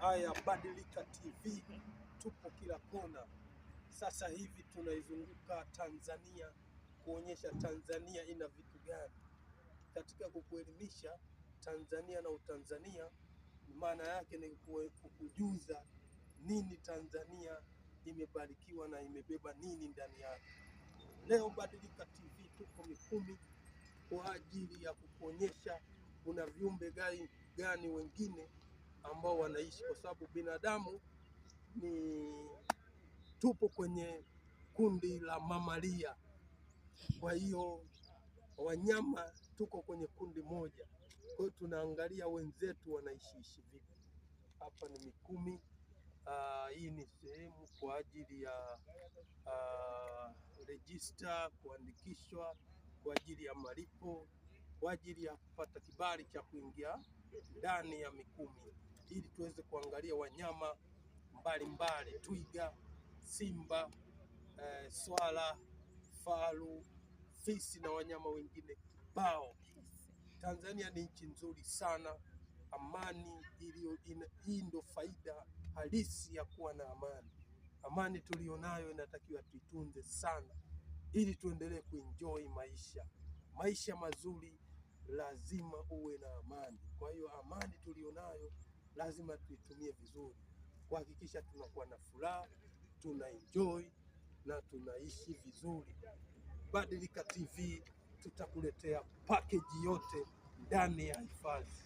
Haya, Badilika TV tupo kila kona. Sasa hivi tunaizunguka Tanzania kuonyesha Tanzania ina vitu gani katika kukuelimisha Tanzania na Utanzania. Maana yake ni kukujuza nini Tanzania imebarikiwa na imebeba nini ndani yake. Leo Badilika TV tuko Mikumi kwa ajili ya kukuonyesha kuna viumbe gani gani wengine ambao wanaishi, kwa sababu binadamu ni tupo kwenye kundi la mamalia. Kwa hiyo wanyama tuko kwenye kundi moja, kwa hiyo tunaangalia wenzetu wanaishi vipi. Hapa ni Mikumi. Uh, hii ni sehemu kwa ajili ya uh, ah, rejista kuandikishwa kwa ajili ya malipo kwa ajili ya kupata kibali cha kuingia ndani ya Mikumi ili tuweze kuangalia wanyama mbalimbali, twiga, simba, e, swala, faru, fisi na wanyama wengine bao Tanzania ni nchi nzuri sana, amani iliyo hii ndio faida halisi ya kuwa na amani. Amani tuliyonayo inatakiwa tuitunze sana, ili tuendelee kuenjoy maisha. Maisha mazuri lazima uwe na amani. Kwa hiyo amani tuliyonayo lazima tuitumie vizuri kuhakikisha tunakuwa na furaha, tuna enjoy na tunaishi vizuri. Badilika TV tutakuletea package yote ndani ya hifadhi.